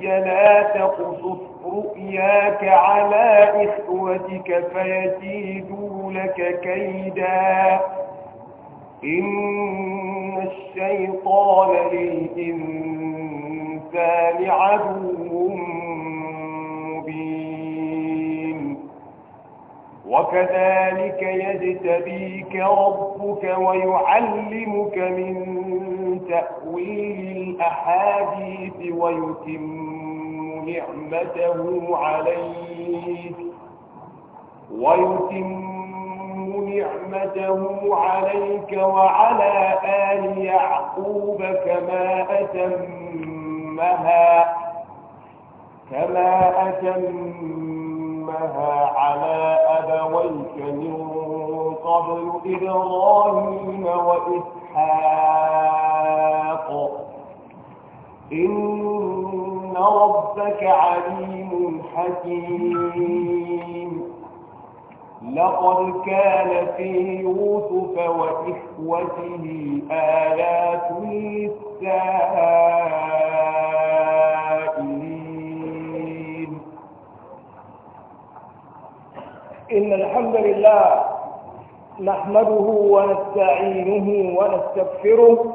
الرؤيا لا تقصف رؤياك على إخوتك فيزيدوا لك كيدا إن الشيطان للإنسان عدو مبين وكذلك يجتبيك ربك ويعلمك من تأويل الأحاديث ويتم نعمته عليك ويتم نعمته عليك وعلى آل يعقوب كما أتمها كما أتمها على أبويك من قبل إبراهيم وإسحاق إن ربك عليم حكيم لقد كان في يوسف وإخوته آيات للسائلين إن الحمد لله نحمده ونستعينه ونستغفره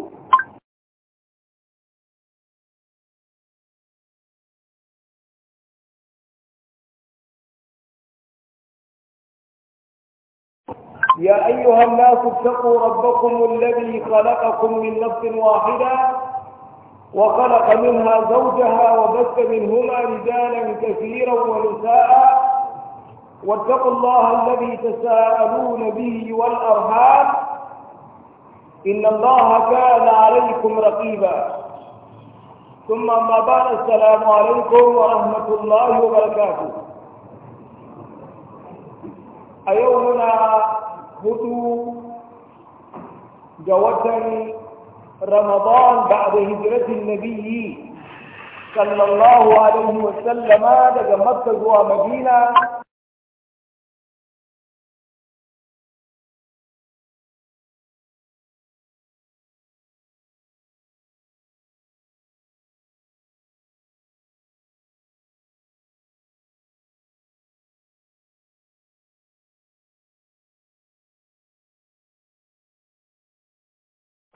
أيها الناس اتقوا ربكم الذي خلقكم من نفس واحدة وخلق منها زوجها وبث منهما رجالا كثيرا ونساء واتقوا الله الذي تساءلون به والأرحام إن الله كان عليكم رقيبا ثم ما بعد السلام عليكم ورحمة الله وبركاته أيومنا hudu ga رمضان بعد هجرة النبي صلى الله عليه وسلم دقى مكة ومدينة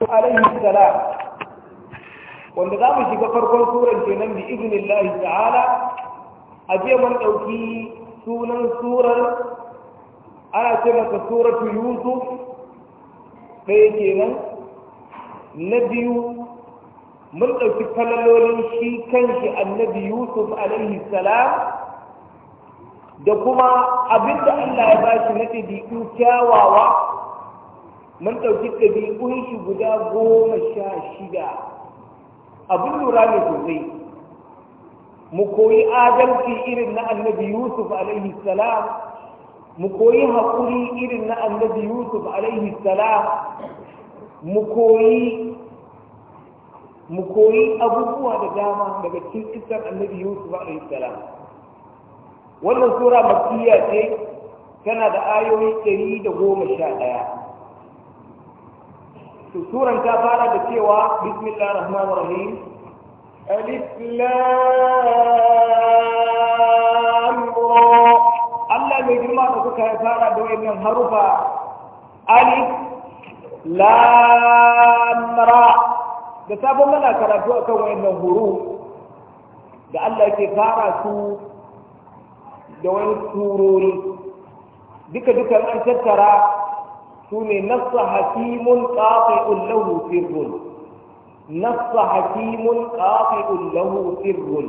alaihi salam wanda za mu shiga farkon suran kenan bi iznillahi ta'ala a jiya mun ɗauki sunan surar ana ce masa suratu yusuf ɗaya kenan na biyu mun ɗauki falalolin shi kanshi annabi yusuf alaihi salam da kuma abinda Allah ya shi na ɗabi'u kyawawa mun ɗauki ɗabi'un shi guda goma sha shida abin lura ne sosai mu koyi adalci irin na annabi yusuf alaihi salam mu koyi haƙuri irin na annabi yusuf alaihi salam mu koyi mu koyi abubuwa da dama daga cikin kisan annabi yusuf alaihi salam wannan sura makiyya ce tana da ayoyi 111 da goma sha ɗaya سورة كفارة بسيوة بسم الله الرحمن الرحيم ألف لام الله بجمع بسيوة كفارة دو إبن الحروفة ألف لام را بسابو منا كرافوة كو إبن الحروف دا الله كفارة سو دو إبن الحروف دكا دكا الأنشطة ثم نص حكيم قاطع له سر نص حكيم قاطع له سر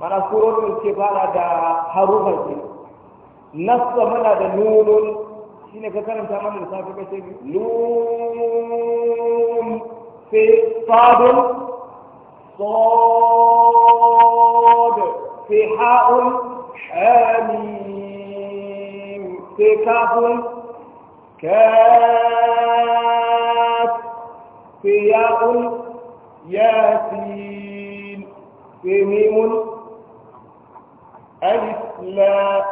ما نقول من كبار دا حروفة نص من هذا نون شنو كثر من ثمان نصاب بسيط نون في صاد صاد في حاء حاميم في كاف كاف سياق ياسين ميم ألف لا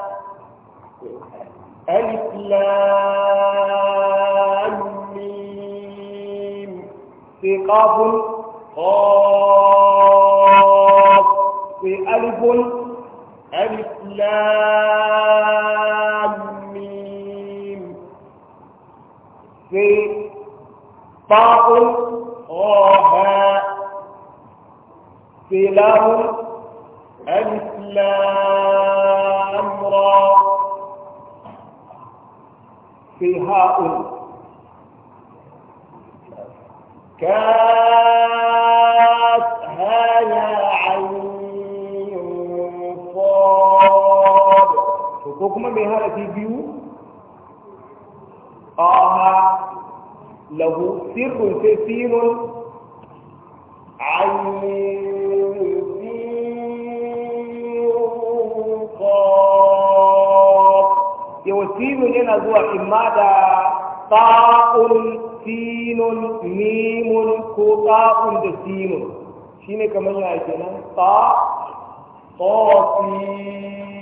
ألف لا في قاف في ألف ألف لا في طاء غاها في لام ألف لام را في هاء كاف ها يا عين صاد حكم بهذا في بيوت طه له سر كثير عن يوسين هنا ذو حمادة طاء سين ميم كطاء طاء دا سين شيني كمان يا طاء طاسين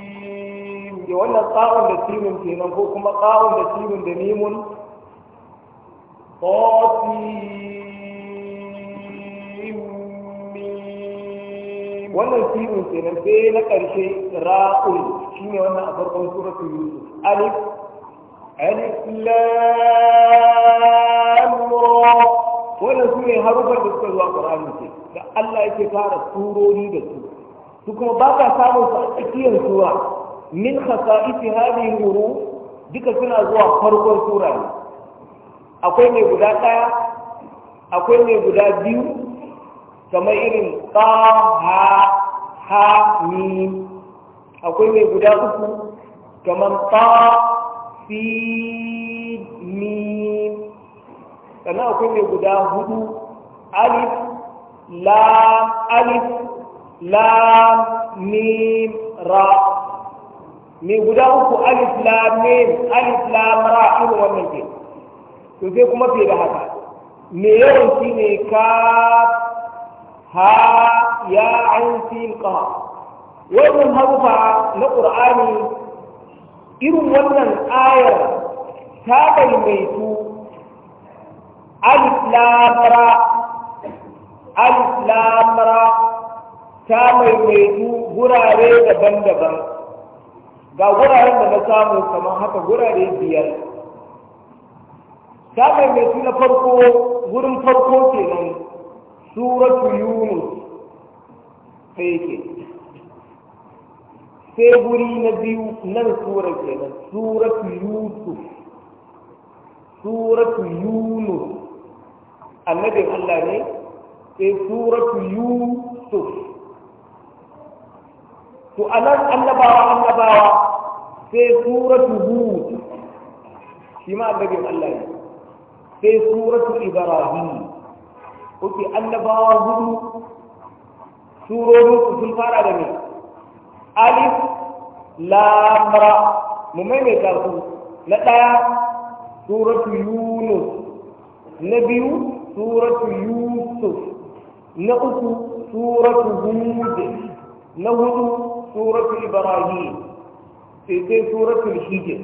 suke wannan tsawon da simin kenan ko kuma tsawon da simin da nimun wannan simin kenan sai na ƙarshe ra'ul shine wannan a farkon suratul yusuf alif alif lam wannan su ne harufar da suka zuwa ƙur'ani ce da Allah yake fara turori da su su kuma ba ka samun su a tsakiyar sura min khasa'isi hadhihi huru duka suna zuwa farkon sura ne akwai mai guda ɗaya akwai mai guda biyu kamar irin ta ha ha ni akwai mai guda uku kamar ta fi ni sannan akwai mai guda hudu alif la alif la mim ra mai guda uku alif lam mim alif lam ra irin wannan ke to sai kuma fi da haka me yawan shi ne ka ha ya an fi ka wannan harufa na qur'ani irin wannan ayar ta bayyaitu alif lam ra alif lam ra ta maimaitu gurare daban-daban ga wuraren da na samu kamar haka wurare biyar samun mai na farko wurin farko kenan suratu yunus ta yake sai wuri na biyu nan ke kenan suratu yusuf suratu yunus annabin allah ne sai suratu yusuf to anan annabawa annabawa sai suratu hud shi ma annabin Allah ne sai suratu ibrahim kuke annabawa hudu surorin su sun fara da me alif lam ra mu maimaita su na daya suratu yunus na biyu suratu yusuf na uku suratu hud na hudu suratu ibrahim sai sai suratul hijr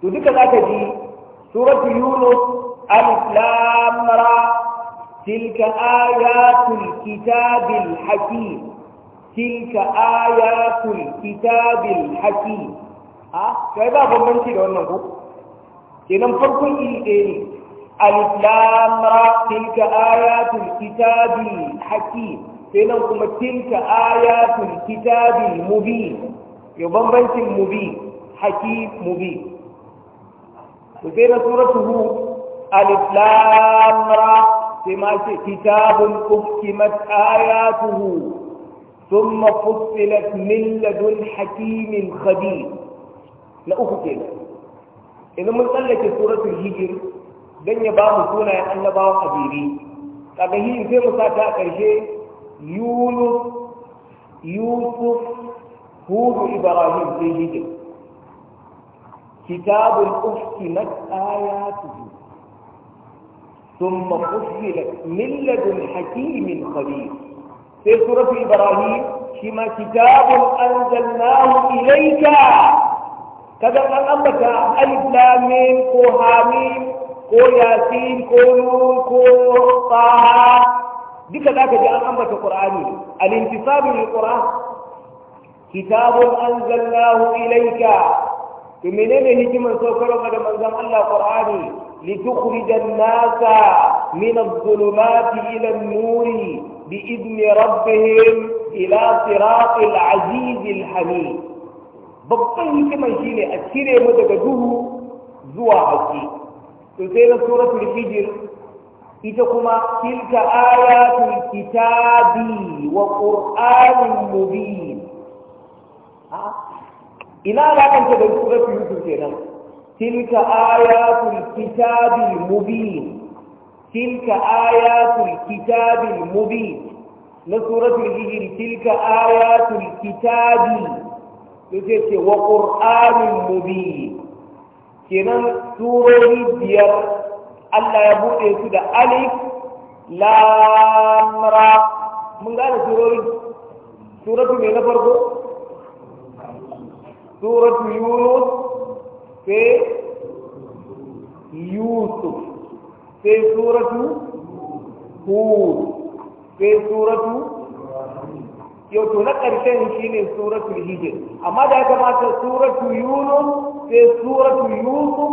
to duka zaka ji suratu yunus alif lam ra tilka ayatul kitabil hakim tilka ayatul kitabil hakim ha kai ba bambanci da wannan ko kenan farkon yi ne alif lam ra tilka ayatul kitabil hakim sai nan kuma tilka ayatul kitabil mubin yo bambancin mubi haki mubi to sai na suratu hu alif lam ra sai ma ce kitabun uhkimat ayatuhu thumma فصلت min ladun hakimin khabir na uku ke idan mun tsallake suratu hijir dan ya ba mu sunayen annabawan abiri kaga hijir sai mu sa ta a يونس يوسف هود إبراهيم سيدي كتاب أحكمت آياته ثم فصلت من لدن حكيم خبير في سورة إبراهيم كما كتاب أنزلناه إليك كذا قال أمك ألف لامين كو حاميم كو ياسين كو نور كو طه duka za ka ji an ambata ƙur'ani al-intisabu lil qur'an kitabun anzalnahu ilayka to menene hikiman saukarwa da manzon Allah qur'ani لتخرج الناس من الظلمات إلى النور بإذن ربهم إلى صراط العزيز الحميد babban hikiman shi ne a cire mu daga duhu zuwa haske to sai na suratul hijr ita kuma tilka ayatul kitabi wa qur'anin mubin ina alakanta da suratu yusuf kenan tilka ayatul kitabi mubin tilka ayatul kitabi mubin na suratul hijr tilka ayatul kitabi yace ce wa qur'anin mubin kenan surori biyar Allah ya buɗe su da alif lamra mun gane surorin suratu mai na farko suratu yunus sai yusuf sai suratu hud sai suratu yau to na ƙarshen shine suratu hijr amma da ya kamata suratu yunus sai suratu yusuf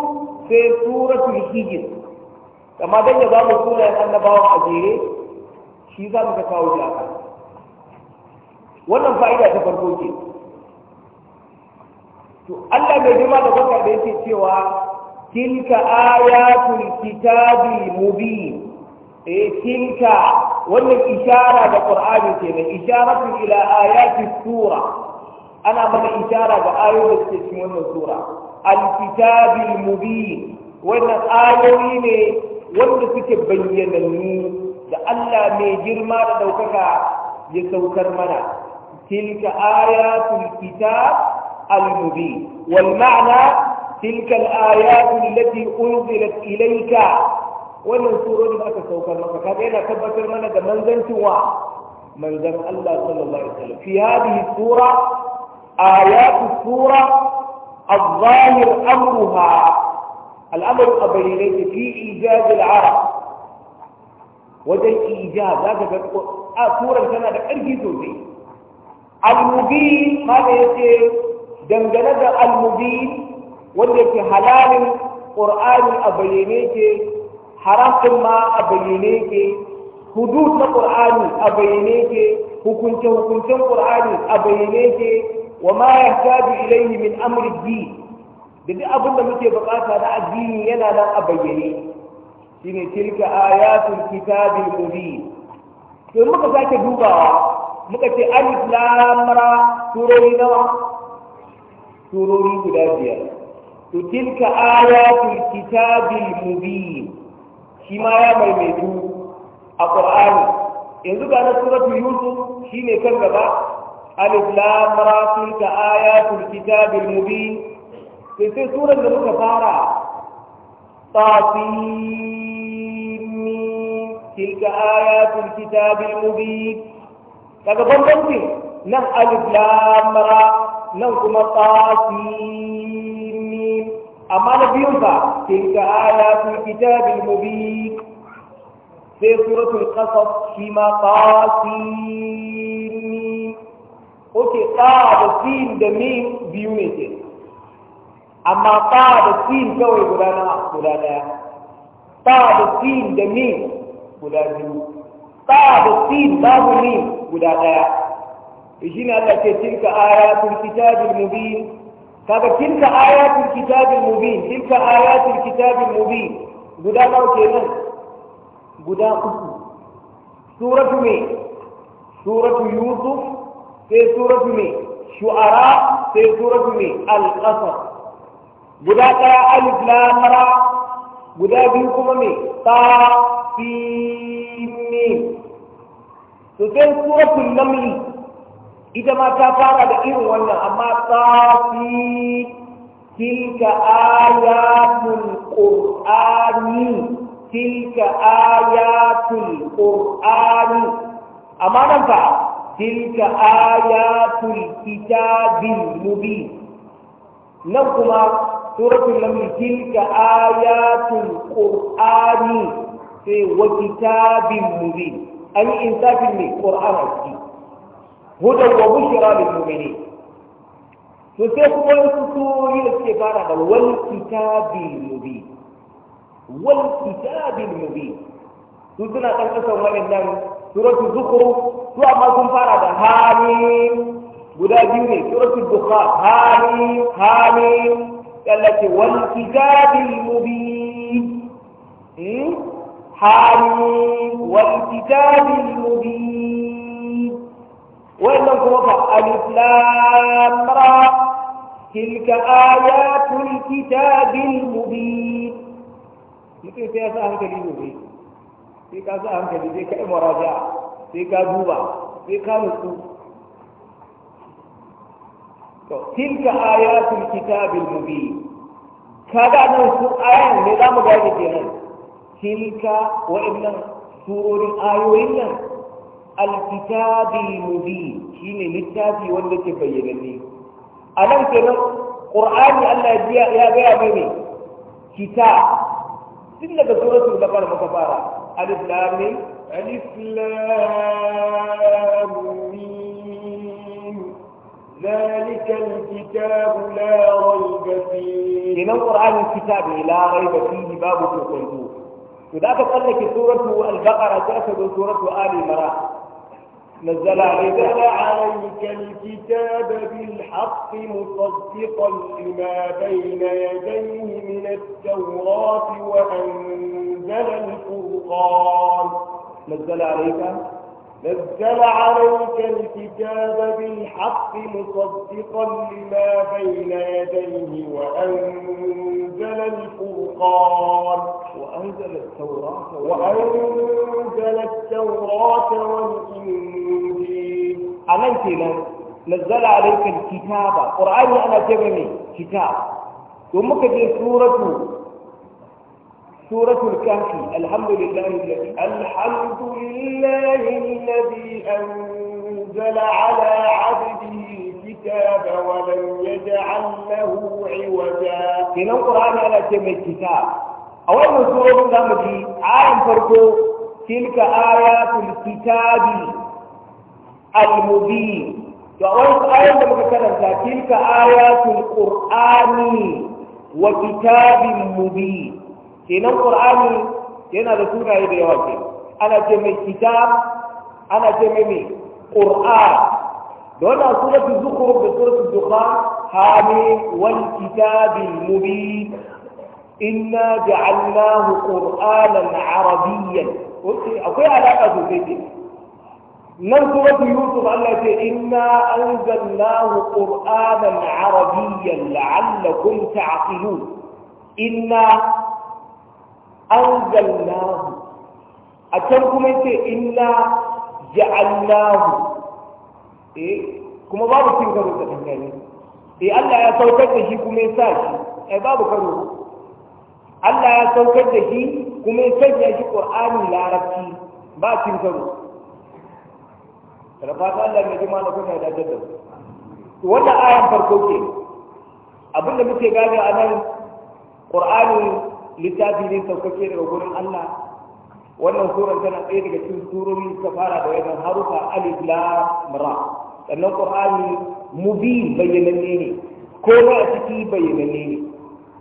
sai suratu hijr amma dan ya bamu sunayen annabawan a jere shi za mu ka kawo shi aka wannan fa'ida ta farko ce to Allah bai jima da baka da yake cewa tilka ayatul kitabi mubin e tilka wannan ishara da qur'ani ce ne isharatu ila ayati sura ana mana ishara ga ayoyin da suke cikin wannan sura al kitabi mubin wannan ayoyi ne wanda suke bayyanannu da Allah mai girma da ɗaukaka ya saukar mana tilka ayatul kitab al-mubin wal ma'ana tilka al-ayatu allati unzilat ilayka wannan surori da aka saukar maka kaga yana tabbatar mana da manzancin wa manzan Allah sallallahu alaihi wasallam fi hadhihi sura ayatu sura الظاهر أمرها al'amarin a bayyane ta fi ijazil arab wajen ijaz za ka ga a turan tana da ƙarfi sosai al-mubin ma da dangane da al-mubin wanda ke halalin ƙur'ani a bayyane ke haramcin ma a bayyane ke hudud na ƙur'ani a bayyane ke hukunce-hukuncen ƙur'ani a bayyane ke wa ma ya shaɗu ilaihi min amurki da duk abin da muke bukata na addini yana nan a bayyane ne tilka ayatul kitabil mubin to muka sake dubawa muka ce alif lam ra surori nawa surori guda biyar to tilka ayatul kitabil mubin shi ma ya maimaitu a qur'ani yanzu ga na suratul yusuf shine kan gaba alif lam ra tilka ayatul kitabil mubin کسی سورت میں رکا پارا تاسیمین تلك آيات الكتاب المبین لگا بم بم تھی نم الف لام را نم کم تاسیمین اما نبیوں کا تلک آیات الكتاب المبین في سورة القصص في مقاسيمين أوكي قاعد سين دمين بيونيتين اما طاب الدين كوي بلانا بلانا طاب الدين دمي بلانا طاب الدين بابني بلانا يجينا لك تلك آيات الكتاب المبين كذا تلك آيات الكتاب المبين تلك آيات الكتاب المبين بدا لو كان بدا سورة مين سورة يوسف في سورة مين شعراء في سورة مين القصر guda ɗaya alif mara guda biyu kuma me ta fi ne to sai suratul namli ita ma ta fara da irin wannan amma ta fi tilka ayatul qur'ani tilka ayatul qur'ani amma nan fa tilka ayatul kitabil mubin nan kuma suratul lamri tilka ayatul qur'ani sai wa kitabin mubin an yi insafin ne qur'an a ciki hudan wa bushra lil mu'minin to sai kuma wasu surori da suke fara da wal kitabil mubin wal kitabil mubin su suna kan kasan waɗannan suratul zukhruf su amma sun fara da hamim guda biyu ne suratul dukhan hamim hamim التي والكتاب المبين إيه؟ حامين والكتاب المبين وإن الغرفة ألف لام تلك آيات الكتاب المبين mutum sai ya sa hankali gobe sai ka sa hankali sai ka yi muraja sai ka duba sai ka تلك آيات الكتاب المبين كذا من سؤال لذا مجال جنان تلك وإن سور آية آيوين الكتاب المبين كين الكتاب والذي بيّنني أنا تنم القرآن الله يا يا يا بني كتاب سنة سورة البقرة مكبرة ألف لام ألف لام ذلك الكتاب لا ريب فيه من القرآن الكتاب لا ريب فيه باب تقنطو قال لك سورة البقرة تأخذ سورة آل مراه نزل عليك نزل عليك الكتاب بالحق مصدقا لما بين يديه من التوراة وأنزل الفرقان نزل عليك نزل عليك الكتاب بالحق مصدقا لما بين يديه وأنزل الفرقان وأنزل التوراة وأنزل التوراة والإنجيل عملت لك نزل عليك الكتاب قرآن أنا جبني كتاب ثم كتير سورة سورة الكهف الحمد لله الذي الحمد لله الذي أنزل على عبده الكتاب ولم يجعل له عوجا في القرآن على كم الكتاب أول سورة الكهف آية فرقه تلك آيات الكتاب المبين فأول آية تلك آيات القرآن وكتاب مبين kenan qur'ani yana da sunaye da yawa ke ana ce mai kitab ana ce mai mai qur'an da wannan suratul zukhruf da suratul dukhan hamim wal kitabil mubin inna ja'alnahu qur'anan arabiyyan akwai alaka sosai ke nan suratul yusuf Allah ce inna anzalnahu qur'anan arabiyyan la'allakum ta'qilun inna anzalnahu a can kuma yace inna ja'alnahu eh kuma babu cin karo da dangane eh Allah ya saukar da shi kuma ya sa shi eh babu karo Allah ya saukar da shi kuma ya sanya shi Qur'ani larabci ba cin karo da fata Allah mai jima da kuma da to wannan ayan farko ke abinda muke gane a nan Qur'ani littafi ne saukake daga gurin Allah wannan surar tana ɗaya daga cikin surori suka fara da wajen haruka alif lam ra sannan qur'ani mubi bayyananne ne ko ba a ciki bayyananne ne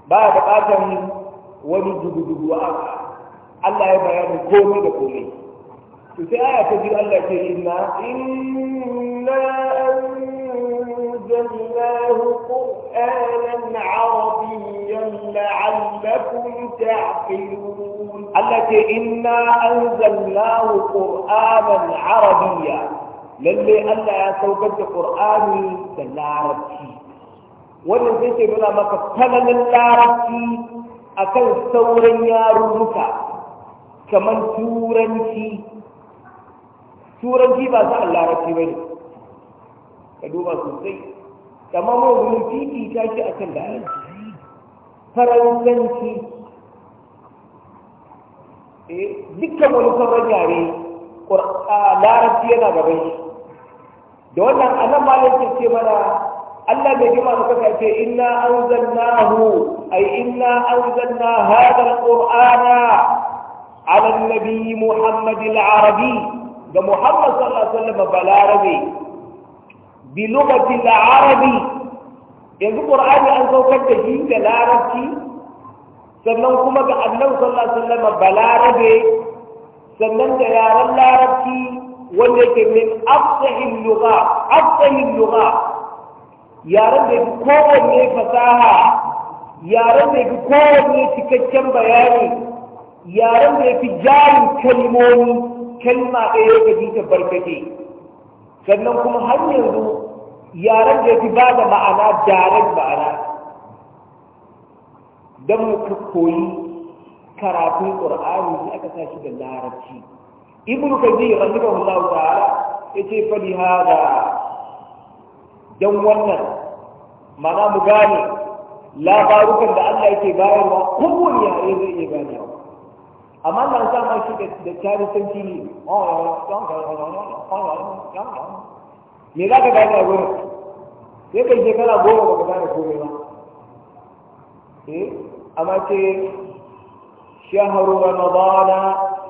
ba a buƙatar wani dubu-dubu a Allah ya bayani komai da komai to sai aya ta biyu Allah ce inna inna أنزلناه قرآنا عربيا لعلكم تعقلون التي إنا أنزلناه قرآنا عربيا للي ألا يتوقف قرآن بالعربي wannan sai ke nuna maka tsananin larabci a kan sauran yarurruka kamar turanci turanci ba sa'an larabci ba ne ka duba sosai amma mai wurin fifita shi a kan larabci faransanci eh, dukkan wani sauran yare larabci yana gaban shi da wannan annan malam ta ce mana Allah bai jima da kuka ce inna anzalnahu ay inna zanna hadar ƙur'ana. ala nabi muhammad al-arabi ga muhammad sallallahu alaihi wasallam balarabe bi lughati al-arabi yanzu ƙur'ani an saukar da shi da larabci sannan kuma ga annabi sallallahu alaihi wasallam balarabe sannan da yaren larabci wanda yake min afsahil lugha afsahil lugha Yaren da yake kowanne fasaha Yaren da yake kowanne cikakken bayani yaran da yake jarin kalmomi kalma ɗaya ga jita barkatai sannan kuma har yanzu yaren da fi ba da ma'ana jaren ma'ana don muka koyi karatun ƙur'ani da aka sa da larabci ibnu kazi rahimahullahu ta'ala yace fa li hada dan wannan mana mu gane labarukan da Allah yake bayarwa wani yare zai iya ganewa amma nan sa ma shi da tari sanci ne me za ka gane a gurin sai kai shekara goma ba ka gane komai ba eh amma ce shaharu ramadana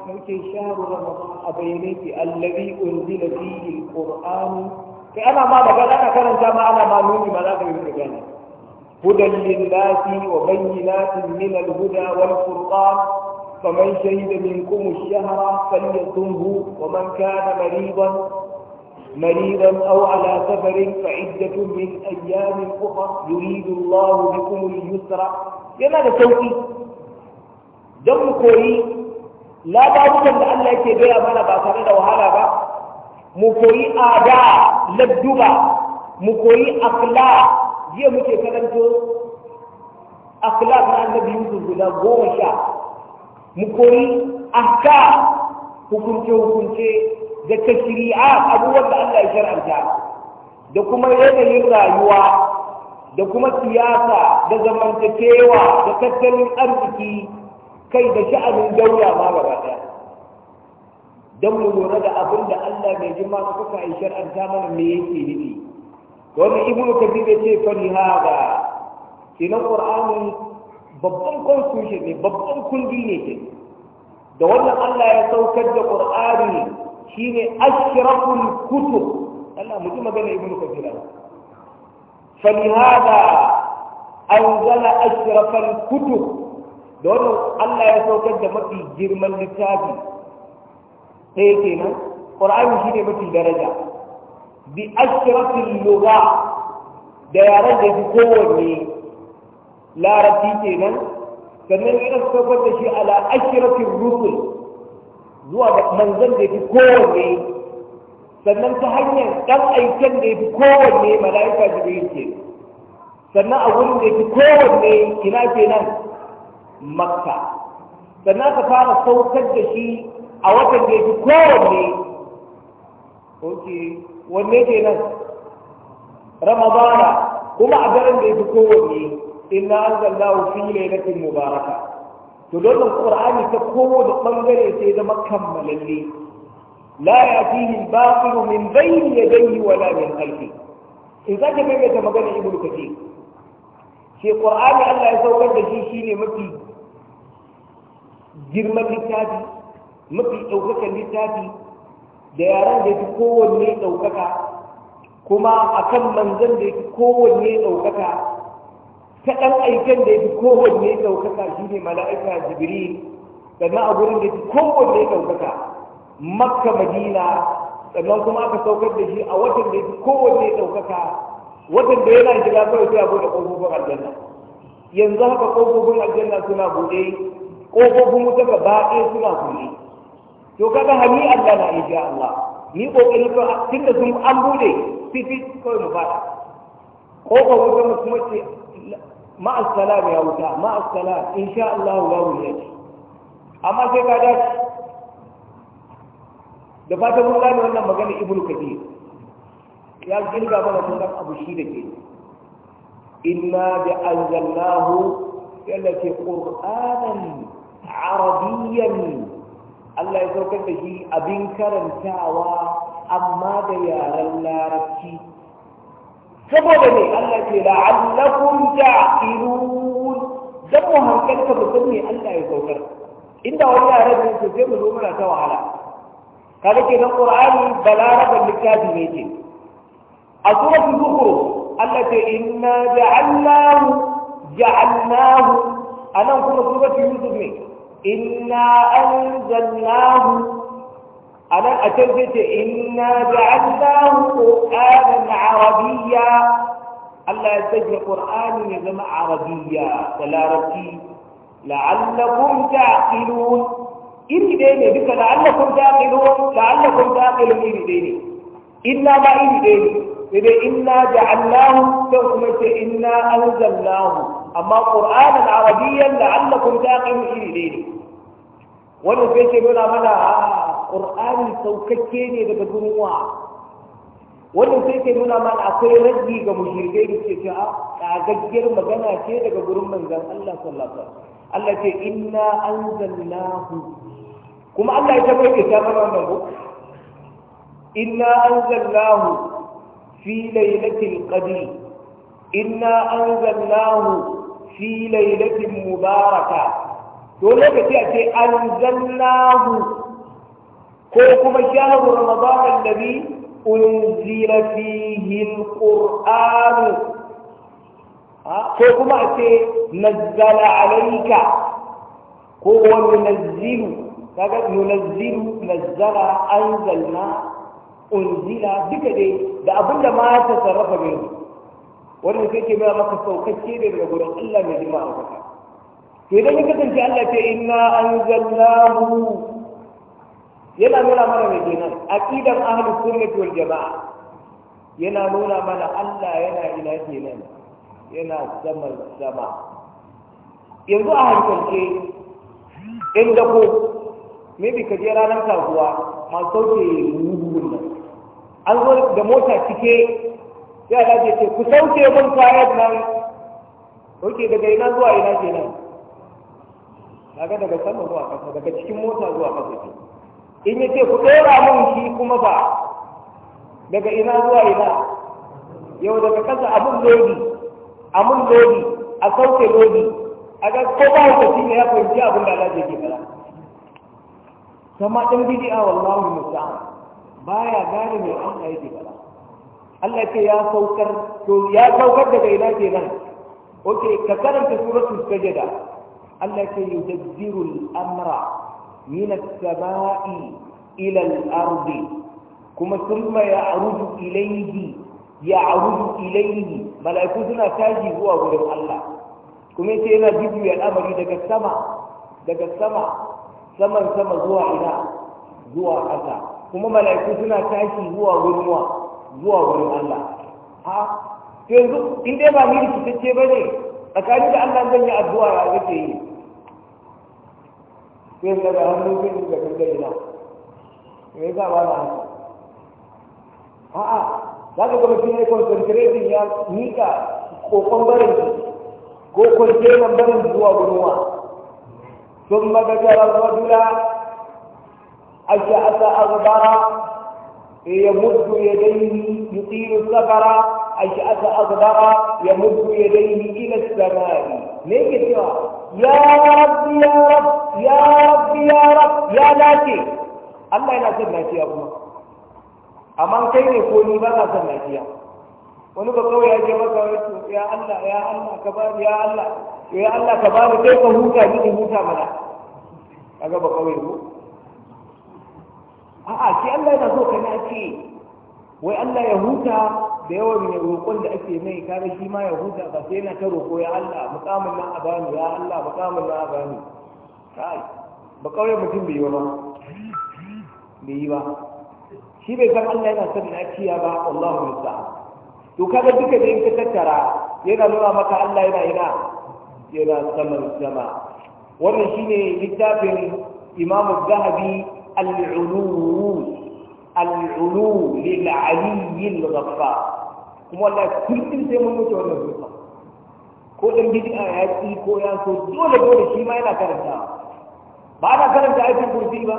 muke shaharu ramadana a bayyane ki allazi unzila fihi alquran kai ana ma da ana karanta ma ana ma nuni ba za ka yi gane hudan lillahi wa bayyinatin min alhuda wal furqan فمن شهد منكم الشهر فليصمه ومن كان مريضا مريضا او على سفر فعده من ايام اخر يريد الله بكم اليسر كما تسوقي دم كوري لا بد ان الله يكي بيا مانا باسر هذا با مكوي اداء لدبا مكوي اخلاق هي مكي كلمته اخلاق مع النبي يوسف mu koyi aka hukunce hukunce da shiri'a abubuwan da Allah ya shar'anta da kuma yanayin rayuwa da kuma siyasa da zamantakewa da tattalin arziki kai da sha'anin daura ma gaba ɗaya don mu lura da abin da Allah mai jima na kuka yi shar'anta mana me yake nufi Wani ibu ka fi ya ce fa ni shi na ƙur'ani. babban constitution ne babban kundi ne ke da wannan Allah ya saukar da Qur'ani shine ashraful kutub Allah mu ji magana ibnu kathir falihada anzala ashrafal kutub da wannan Allah ya saukar da mafi girman littafi Ta sai kenan Qur'ani shine mafi daraja bi ashrafil lugha da yaran da kowanne larabci nan, sannan ya saukar da shi ala ashiratin rusul zuwa da manzan da ya fi kowanne sannan ta hanyar ɗan aiken da ya fi kowanne mala'ika da ya ke sannan a wurin da ya fi kowanne ina nan makka sannan ka fara saukar da shi a watan da ya fi kowanne wanne wanne nan ramadana kuma a garin da ya fi kowanne inna anzalnahu fi laylatin mubaraka to don qur'ani ta komo da bangare sai zama kammalalle la yatihi al baqir min bayni yadayhi wala min khalfi in zaka ka bai ta magana ibnu kathir shi qur'ani Allah ya saukar da shi shine mafi girman littafi mafi ɗaukakan littafi da yaran da fi kowanne ɗaukaka kuma akan manzon da kowanne ɗaukaka Kaɗan aikin aikan da ya fi kowanne ɗaukaka shi ne mala'ika jibiri sannan a gurin da ya fi kowanne ɗaukaka makka madina sannan kuma aka saukar da shi a watan da ya fi kowanne ɗaukaka watan da yana shiga kawai sai a buɗe ƙofofin aljanna yanzu haka ƙofofin aljanna suna buɗe ƙofofin wuta gaba ɗaya suna buɗe to kaga hani Allah na insha Allah ni kokari ko tunda sun an bude fifi kawai mu fada ƙofar wuta kuma ce ma'as salam ya wuta ma'as salam insha Allah za mu yaji amma sai ka dace da fatan mun gane wannan magana ibnu kadir ya gilga mana sun abu shi da ke inna bi anzalnahu yalla ke qur'anan Allah ya saukar da shi abin karantawa amma da yaren larabci saboda ne Allah ke la'allakum ta'qilun dan mu hankalta ba san me Allah ya saukar inda wani yare ne to sai mu zo muna ta wahala kaga ke nan qur'ani balaraban littafi ne ce a suratul zukhruf Allah ce inna ja'alnahu ja'alnahu anan kuma suratul yusuf ne inna anzalnahu A nan a can sai ce inna ja'alnahu qur'anan arabiyya Allah ya sanya qur'ani ya zama arabiyya da larabci la'allakum ta'qilun iri dai ne duka la'allakum ta'qilun la'allakum ta'qilun iri dai ne inna ba iri dai ne sai dai inna ja'alnahu sai kuma ce inna anzalnahu amma qur'anan arabiyyan la'allakum ta'qilun iri dai ne wannan sai ce nuna mana ƙur'ani saukakke ne daga gurwa wanda sai ke nuna mana akwai raddi ga mushrikai da ke cewa kagaggiyar magana ce daga gurin manzon Allah sallallahu alaihi wasallam Allah ce inna anzalnahu kuma Allah ya tabbai ta mana wannan ko inna anzalnahu fi lailatul qadr inna anzalnahu fi lailatin mubaraka to lokaci a ce anzalnahu ko kuma shahru ramadan alladhi unzira fihi alquran ko kuma a ce nazzala alayka ko wa nunazzilu kaga nunazzilu nazzala anzalna unzila duka dai da abinda ma ta sarrafa min wannan sai ke bayan maka saukacce da daga gurin Allah mai jima a to idan ya kasance Allah ce inna anzalnahu yana nuna mana mai kenan aqidan ahlus sunnah wal jamaa yana nuna mana Allah yana ina kenan yana sama sama yanzu a hankalce inda da ko maybe ka je ranar kasuwa masu sauke ruhun nan an zo da mota cike sai Allah ya ce ku sauke mun kayan nan oke daga ina zuwa ina kenan kaga daga sama zuwa kasa daga cikin mota zuwa kasa kenan in ya ce ku ɗora mun shi kuma ba daga ina zuwa ina yau daga kasa abun lodi abun lodi a sauke lodi a ga ko ba ka shi ne ya fahimci abin da Allah ke fara sama ɗan bidi'a wallahu musta'an baya gane me Allah yake fara Allah ke ya saukar to ya saukar daga ina ke nan oke ka karanta suratul sajda Allah ce yudabbiru al-amra min as-sama'i ila al-ardi kuma thumma ya'rudu ilayhi ya'rudu ilayhi mala'iku suna tashi zuwa gurin Allah kuma yace yana bibiyu al'amari daga saman sama zuwa ina zuwa ƙasa kuma mala'iku suna tashi zuwa gurin wa zuwa gurin Allah ha yanzu in dai ba ni rikitacce ne? tsakanin da Allah zan yi addu'a a kake yi sai ka da hannu zai da kan gari ina me yasa ba na haka a'a za ka gaba shi concentrating ya nika kokon barin ko kwantenan barin zuwa gurwa ya ذكر الرجل أشأت أغبارا يمد يديه يطيل السفر أشأت ya يمد يديه إلى السماء ليه كتير ya rabbi ya rabbi ya rabbi ya rabbi ya Allah yana son lafiya kuma amma kai ne ko ni ba na son lafiya wani ba kawai ya je maka wai ya Allah ya Allah ka bani ya Allah ya Allah ka bani kai ka huta ni in huta mana kaga ba kawai ko a'a shi Allah yana so ka lafiya wai Allah ya huta da yawan mai roƙon da ake mai kare shi ma ya huta ba sai na ta roƙo ya Allah mukamin na abani ya Allah mukamin na abani kai ba kawai mutum bai yi ba bai yi ba shi bai san Allah yana son naciya ba Allah mu sa to kaga duka da in ka tattara yana nuna maka Allah yana yana yana saman sama wannan shine littafin Imam Zahabi al-Ulum al-Ulum lil-Ali al-Ghaffar kuma wallahi kullum sai mun wuce wannan doka ko dan bid'a ya ko ya so dole dole shi ma yana karanta ba na karanta aikin kursi ba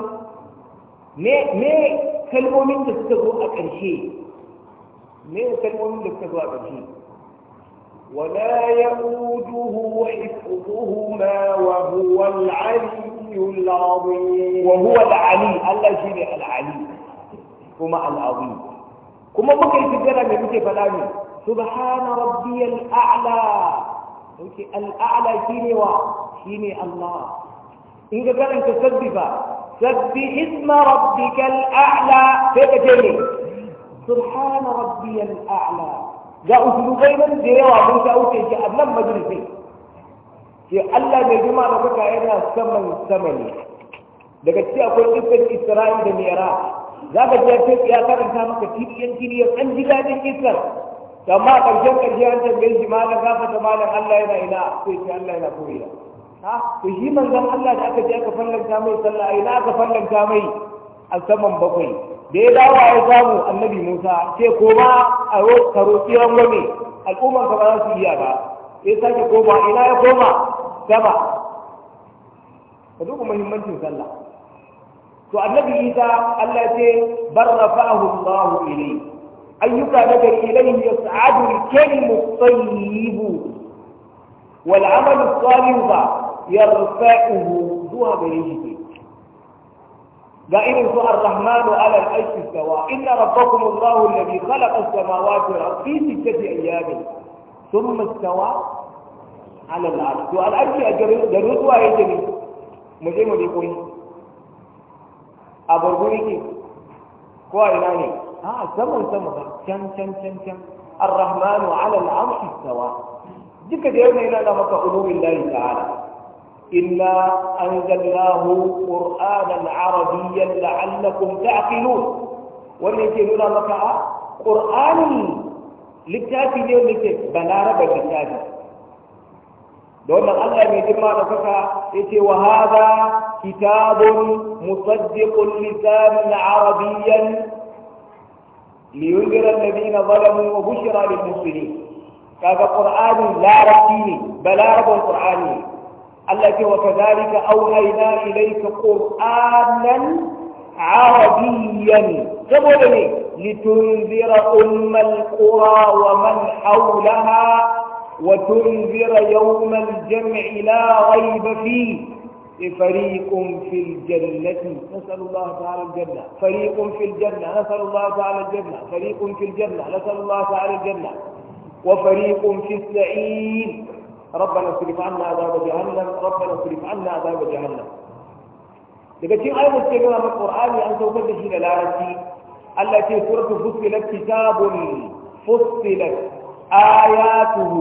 me me kalmomin da suka zo a ƙarshe me kalmomin da suka zo a ƙarshe ولا يؤوده حفظهما وهو العلي العظيم وهو العلي الله العلي كما العظيم kuma muka yi sujjada mai muke faɗa ne subhana rabbiyal a'la muke al'a'la shine wa shine Allah in ka karanta sabbi fa sabbi isma rabbikal a'la sai ka ce ne subhana rabbi a'la ga usulubai nan da yawa mun ta wuce shi a nan majalisai ce Allah mai jima da kuka yana saman sama ne daga ci akwai iskan Isra'il da Mi'raj za ka je ce ya karanta maka kiriyan kiriyan an ji daɗin iskar amma ƙarshen ƙarshe an tambaye shi malam gafa ta malam Allah yana ina sai ce Allah yana koyi ha to shi manzon Allah da aka je aka fallanta mai sallah a ina aka fallanta mai a saman bakwai da ya dawo ya samu annabi Musa ce ko ba a ka roƙi rangwame al'ummar ka ba za su iya ba sai sake koma ina ya koma sama ka duka muhimmancin sallah to annabi isa Allah ce bar rafa'ahu Allah ilayhi ayyuka na gari ilayhi yas'adu al-kalimu at-tayyib wal 'amalu as-salih yarfa'uhu zuwa gare shi ga irin su ar-rahman ala al-arsh istawa inna rabbakum Allah alladhi khalaqa as-samawati wal-ardh fi sittati ayyamin thumma istawa ala al-arsh to al-arsh a garin zuwa yake ne mu je mu je koyi a barguri ke ko a ina ne a saman sama ba can can can can ar-rahmanu ala al-arshi sawa duka da yau ne yana da maka ulumin lahi ta'ala إنا أنزلناه قرآنا عربيا لعلكم تعقلون wannan ke nuna maka a ƙur'ani littafi ne wanda ke balaraba littafi da wannan Allah mai girma da kuka yace wa hada kitabun musaddiqun lisanan arabiyyan liyunzira alladhina zalamu wa bushra lil muslimin kaga qur'ani larabci ne balarabun qur'ani Allah ke wa kadhalika awhayna ilayka qur'anan عربيا سبب لتنذر أم القرى ومن حولها وتنذر يوم الجمع لا ريب فيه فريق في الجنة نسأل الله تعالى الجنة فريق في الجنة نسأل الله تعالى الجنة فريق في الجنة نسأل الله تعالى الجنة وفريق في السعيد ربنا اصرف عنا عذاب جهنم ربنا اصرف عنا عذاب جهنم daga cikin أيضا cikin na القرآن an saukar da shi da larabci فصلت كتاب فصلت آياته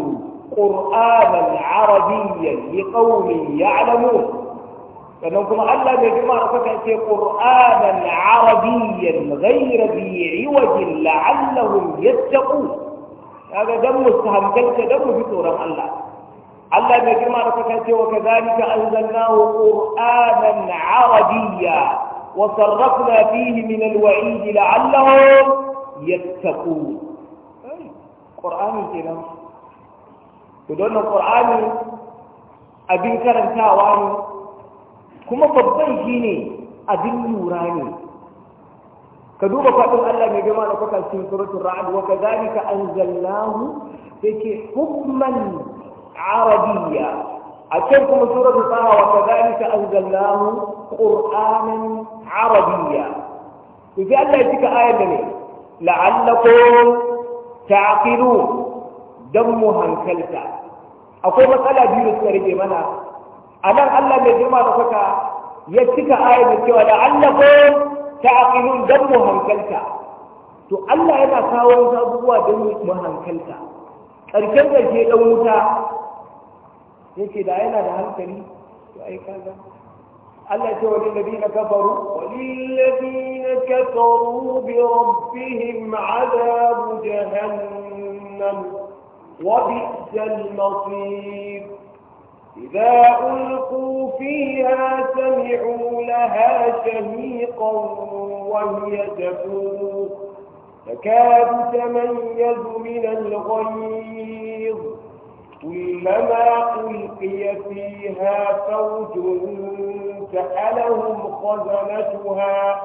قرانا عربيا لقوم يعلمون فلو كما قال يا جماعه فكان قرانا عربيا غير ذي عوج لعلهم يتقون هذا دم مستهم كنت دم في سورة الله الله يا جماعة وكذلك أنزلناه قرآنا عربيا وصرفنا فيه من الوعيد لعلهم يتقون قرآن كده ku donna qur'ani abin karantawa ne kuma babban shine abin lura ne ka duba faɗin Allah mai girma da kuka cikin suratul ra'd wa kadhalika anzalnahu yake hukman arabiyya a can kuma suratul taha wa kadhalika anzalnahu qur'anan arabiyya to sai Allah ya cika ayar da ne la'allakum ta'qilun don mu hankalta akwai matsala biyu da suka rage mana a nan Allah mai girma da kuka ya cika ayar da cewa da Allah ko ta aqilun don mu hankalta to Allah yana kawo wasu abubuwa don mu hankalta ƙarshen ƙarshe ɗan wuta Ya ce da yana da hankali to ai kaza التي وللذين كفروا وللذين كفروا بربهم عذاب جهنم وبئس المصير إذا ألقوا فيها سمعوا لها شهيقا وهي تفور تكاد تميز من الغيظ كلما ألقي فيها فوج سألهم خزنتها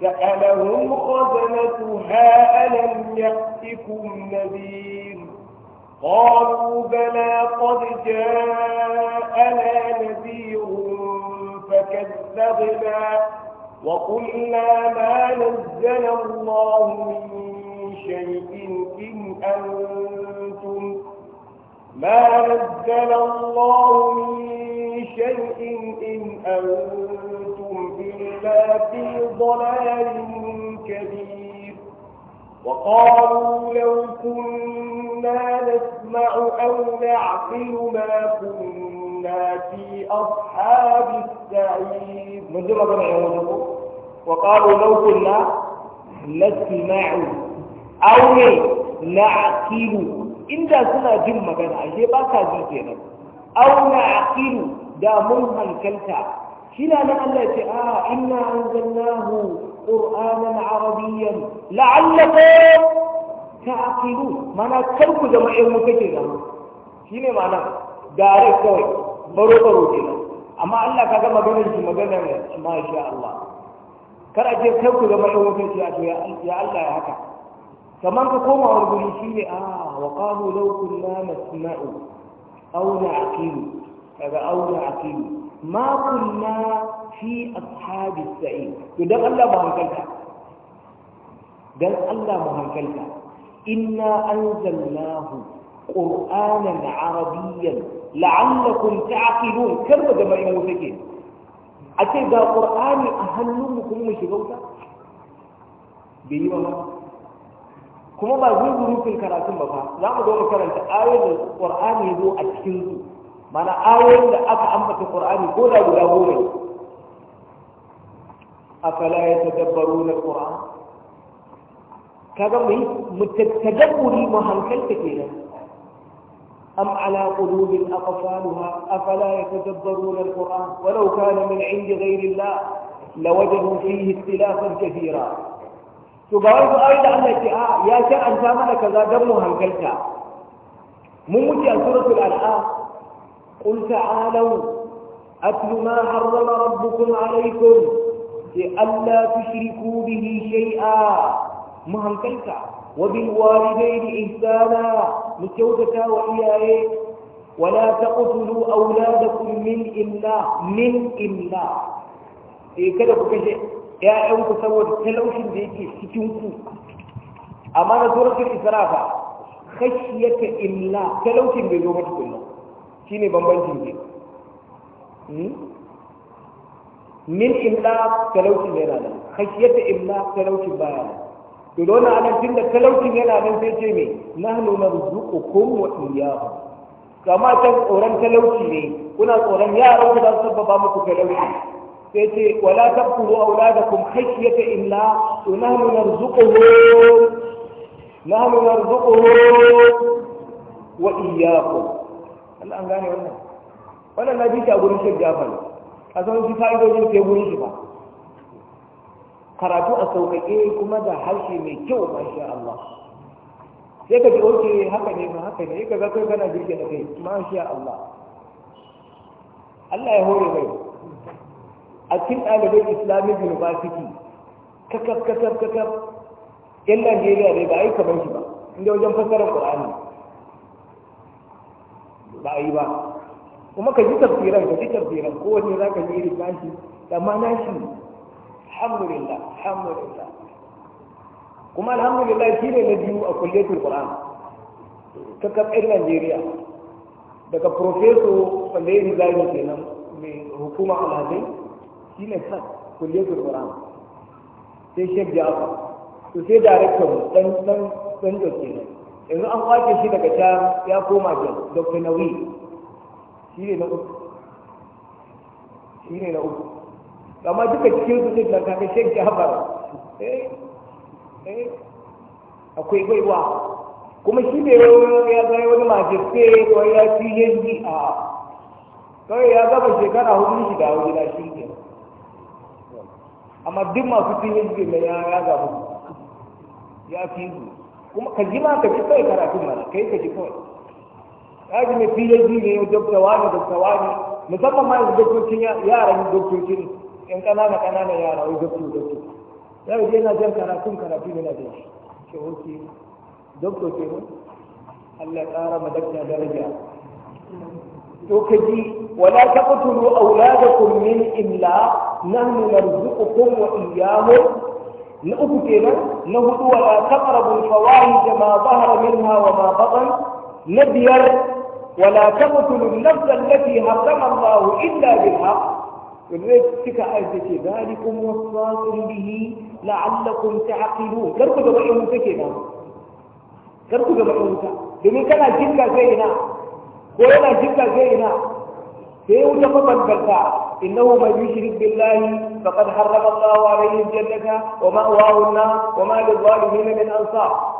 سألهم خزنتها ألم يأتكم نذير قالوا بلى قد جاءنا نذير فكذبنا وقلنا ما نزل الله من شيء إن أنتم ما نزل الله من شيء إن أنتم إلا في ضلال كبير وقالوا لو كنا نسمع أو نعقل ما كنا في أصحاب السعيد من ذلك ما يوجد وقالوا لو كنا نسمع أو نعقل إن suna سنة magana ashe ba ka ji kenan au kilalan Allah ya ce a ah, ina an zanna hu ƙur'anan arabiyyan la'allaka ta akilu mana karku zama yan muka ke zama shi ne mana gare kawai baro-baro ke nan amma Allah ka ga maganar shi maganar ma sha Allah kar a karku zama yan muka ce a ce ya Allah ya haka kamar ka koma wani guri shi ne a ah, wa ƙamu lau kunna na sina'u auna akilu kaga auna akilu ma kunna fi ashabi sa'i to dan Allah mu hankalta dan Allah mu hankalta inna anzalnahu qur'anan arabiyyan la'allakum ta'qilun kar da mai mu take a ce ga qur'ani a hannun mu kuma mu shiga wuta yi ba kuma ba zai gurufin karatun ba fa za mu zo mu karanta ayoyin da qur'ani zo a cikin su mana ayoyin da aka ambata qur'ani ko da guda goma ne afala yatadabbaruna alquran kaga mu mu tadabburi mu hankalta kenan am ala qulubin aqfaluha afala yatadabbaruna alquran walau kana min indi ghayri allah lawajadu fihi ikhtilafan kathira to ga wasu ayoyi da Allah ce a ya shar'anta mana kaza don mu hankalta mun wuce a suratul al'am قل تعالوا أتل ما حرم ربكم عليكم لئلا تشركوا به شيئا مهم كلك وبالوالدين إحسانا متوتك وإياه ولا تقتلوا أولادكم من إملاق من إملاق إيه كده بكشي إيه؟ يا أنكو سوى تلوشن ديكي ستنكو أما نزورة الإسرافة خشية إملاق تلوشن ما كله ne bambancin ne hmm? min imla talaucin yana nan khashiyata imla talaucin baya nan to dole ana da talaucin yana nan sai ce me nahnu narzuqukum wa iyyahum kama can tsoron talauci ne kuna tsoron yaran ku za su sabbaba muku talauci sai ce wala a taqtulu auladakum khashiyata imla to nahnu narzuquhum nahnu narzuquhum wa iyyakum Allah an gane wannan wannan na bi shi a gurin Sheikh Jafar a san shi fa'idojin sai gurin shi ba karatu a sauƙaƙe kuma da harshe mai kyau masha Allah sai ka ji oke haka ne ma haka ne ka ga kai kana birge da kai masha Allah Allah ya hore kai. a cikin ɗalibai Islamic University kakaf kakaf kakaf yan Najeriya ne ba a yi kamar shi ba inda wajen fassarar Qur'ani ba a yi ba kuma ka ji tafsiran ka ji tafsiran kowanne za ka ji irin nashi amma nashi alhamdulillah alhamdulillah kuma alhamdulillah shi ne na biyu a kulletul qur'an ta kafin nigeria daga profeso wanda ya rizani kenan mai hukuma alhazai shi ne sa kulletul qur'an sai shek ja'afar to sai daraktan dan dan dan kenan yanzu an kwace shi daga can ya koma can dr nawi shi ne na uku shi ne na uku amma duka cikin su duk lanka ga shek jahabar eh eh akwai gwaiwa kuma shi ne ya zai wani majiste ko ya fi yanzu a kawai ya gaba shekara hudu shi da wajen shi ne amma duk masu fi yanzu ne ya gaba ya fi yanzu kuma ka ji ma ka ji kawai karatun ma kai ka ji kawai ya ji mai ji ne dokta wani dokta wani musamman ma yanzu dokokin yaran dokokin, yan ƙanana ƙanana yara wai dokto dokto ya yi yana jan karatun karatu yana jan shi ke hoki dokto ke mu Allah ya ƙara ma dokta daraja to ka ji wala taqtulu awladakum min imla nahnu narzuqukum wa iyyahum نأكو نهدو ولا تقربوا الفواحش ما ظهر منها وما بطن نبير ولا تقتلوا النفس التي حرم الله إلا بالحق الرزق أجدك ذلكم وصاكم به لعلكم تعقلون كركو دبا إنت كينا كركو دبا لمن دمين كان جنة زينا وينا جنة زينا سيوجد فضل mabambanta إنه من يشرك بالله فقد حرم الله عليه الجنة ومأواه النار وما للظالمين من أنصار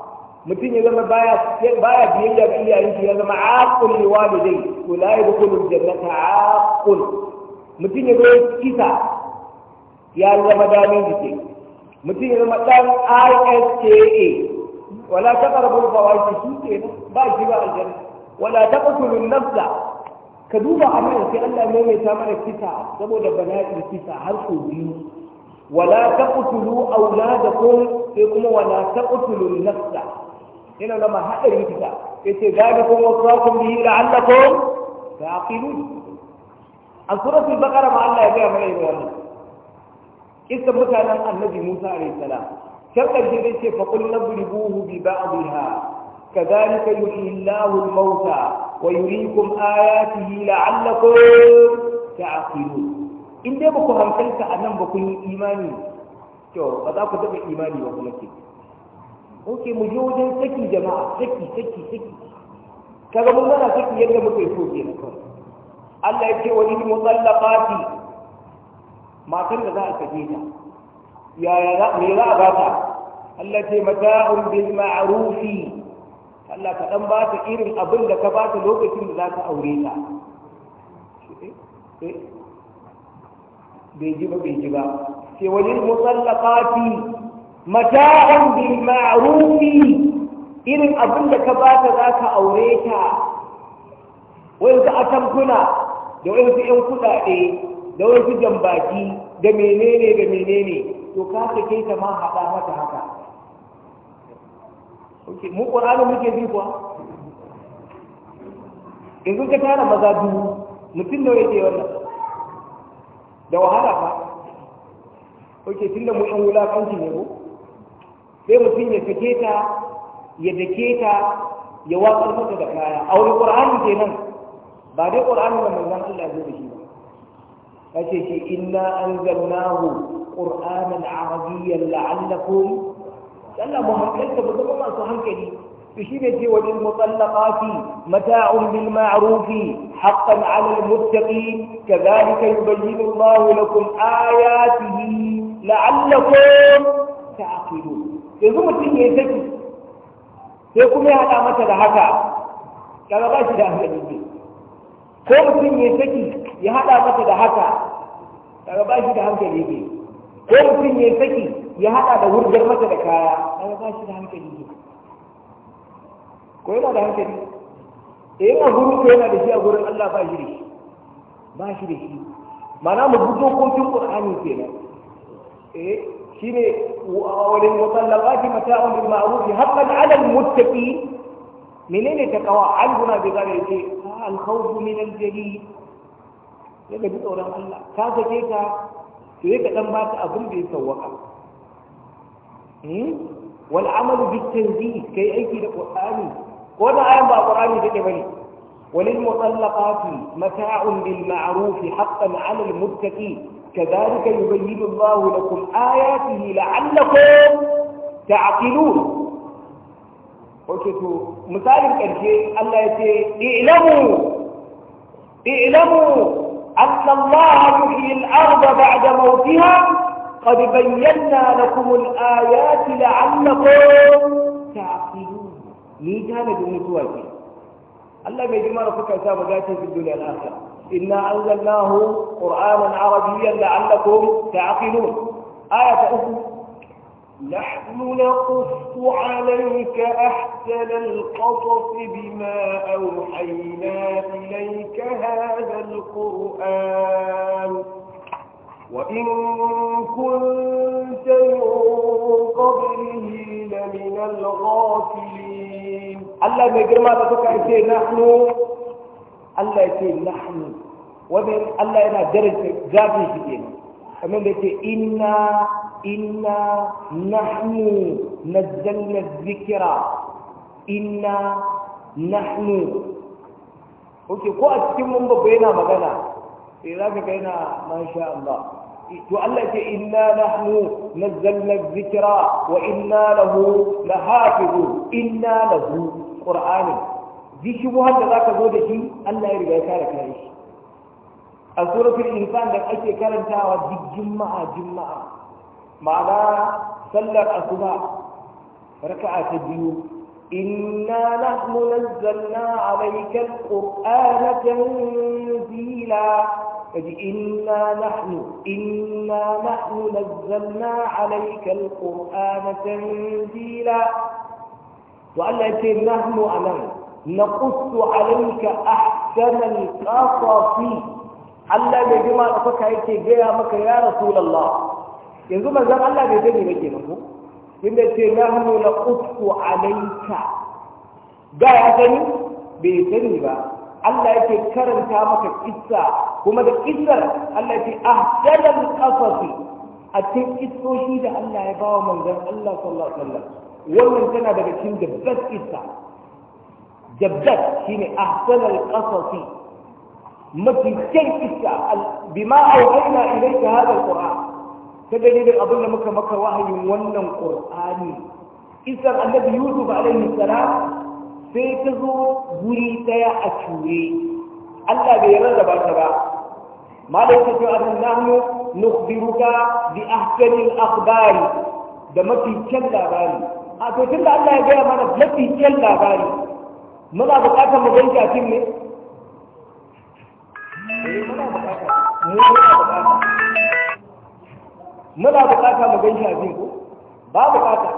mutum ya zama baya biyayya ga iyayen shi ya zama aqul li walidai to la yadkhulul jannata aqul mutum ya zama kisa ya zama jike mutum ya zama dan ISKA wala taqrabu al shi ba shi ba aljanna wala taqtulu nafsa ka duba a nan sai Allah maimaita mana kisa saboda bala'i kisa har sau biyu wala taqtulu auladakum sai kuma wala taqtulu nafsa yana da ma hadari kisa yace zalikum wasaqum bihi la'allakum taqilun a suratul baqara ma Allah ya ga mana wannan kisa mutanen annabi Musa alayhi salam kan karshe dai ce fa qul nadribuhu bi ba'dihha kadhalika yuhyi Allahu al-mauta ويريكم آياته لعلكم تعقلون in dai ba ku hankalta a nan ba kun yi imani to ba za ku taɓa imani ba kuma ke ok mu wajen saki jama'a saki saki saki kaga mun gana yadda muka so ke Allah ya ce da za ta yaya za me za a ba Allah ce Allah ka dan ba ta irin abin da ka ba ta lokacin da za ka aure ta eh, eh. bai ji ba bai ji ba Ke wani musallaqati mata'an bil ma'rufi irin abin da ka ba ta za ka aure ta wani ka atamkuna da wani su yan kuɗaɗe da wani su jambaki da menene da menene to ka sake ta ma haɗa mata haka okay mu qur'ani muke bi kuwa yanzu ka tara maza dubu mutum da yake wannan da wahala fa okay tunda mu yan wulakanci ne ko sai mutum ya sake ta ya dake ta ya watsar mata da kaya a wani ke nan? ba dai qur'ani da manzon Allah da shi ba kace shi inna anzalnahu qur'anan arabiyyan la'allakum Allah mu hankalta mu zama masu hankali to shi ne ce wajen mutsallaqati mata'un bil ma'ruf haqqan 'ala al muttaqin kadhalika yubayyinu Allahu lakum ayatihi la'allakum ta'qilun yanzu mutum ya saki sai kuma ya hada mata da haka kaga ba shi da hankali ne ko mutum ya saki ya hada mata da haka kaga ba shi da hankali ne ko mutum ya saki ya hada da wurgar mata da kaya kaga ba shi da hankali ne ko yana da hankali eh a gurin ko yana da shi a gurin Allah ba shi da shi ba shi da shi mana mu bi dokokin Qur'ani kenan eh shine walin mutallaqati mata'un bil ma'ruf haqqan 'ala al-muttaqi menene takawa an guna bi gare ce al khawf min al jalil daga bi tsoron Allah ka sake ka to ka dan ba ta abin da ya sawwaka والعمل بالتنزيه كي أيكي آية القرآن وما آية بقرآن تكبني وللمطلقات متاع بالمعروف حقا على المتكين كذلك يبين الله لكم آياته لعلكم تعقلون وكتو مثال الكرشي الله يتي اعلموا اعلموا أن الله يحيي الأرض بعد موتها قد بينا لكم الآيات لعلكم تعقلون ميتانا بمتواجه الله ما بيجمعنا فكا سامة جاتي في الدنيا الآخرة إنا أنزلناه قرآنا عربيا لعلكم تعقلون آية أخرى نحن نقص عليك أحسن القصص بما أوحينا إليك هذا القرآن وإن كنت من قبله لمن الغافلين الله يجرم هذا فكا يتي نحن الله يتي نحن وذل الله ينا درجة ذاتي فينا أمام يتي إنا إنا نحن نزلنا الذكرى إنا نحن أوكي قوة كم من بينا مغانا إلا بينا ما شاء الله to Allah ce inna nahnu nazzalna dhikra wa inna lahu lahafizun inna lahu qur'ani duk shubuhar da zaka zo da shi Allah ya riga ya kare kai shi a suratul insan da ake karantawa duk juma'a juma'a ma'ana sallar asuba raka'a ta biyu inna nahnu nazzalna alayka alqur'ana tanzila kaji inna nahnu inna nahnu nazzalna alayka alqur'ana tanzila to Allah yace nahnu anan naqussu alayka ahsana alqasasi Allah bai jima da faka yake gaya maka ya rasulullah yanzu manzon Allah bai sani ba kenan ko inda ce nahnu naqussu ya bai sani ba Allah yake karanta maka kissa kuma da kissar Allah yake ahdalan qasasi a cikin kissoshi da Allah ya bawa manzon Allah sallallahu alaihi wasallam wannan tana daga cikin the best kissa the best shine ahdalan qasasi mafi kyan kissa bima auhayna ilayka hada alquran ta dalilin abin da muka maka wahayin wannan qur'ani kissar annabi yusuf alaihi salam sai ta zo guri daya a cure Allah bai rarraba ta ba malai ta ce annan nahnu nukhbiruka bi ahkami al-akhbari da mafi kyan labari a to tunda Allah ya gaya mana mafi kyan labari muna bukatar mu ganki a cikin ne eh, muna bukatar mu ganki a cikin ko ba bukata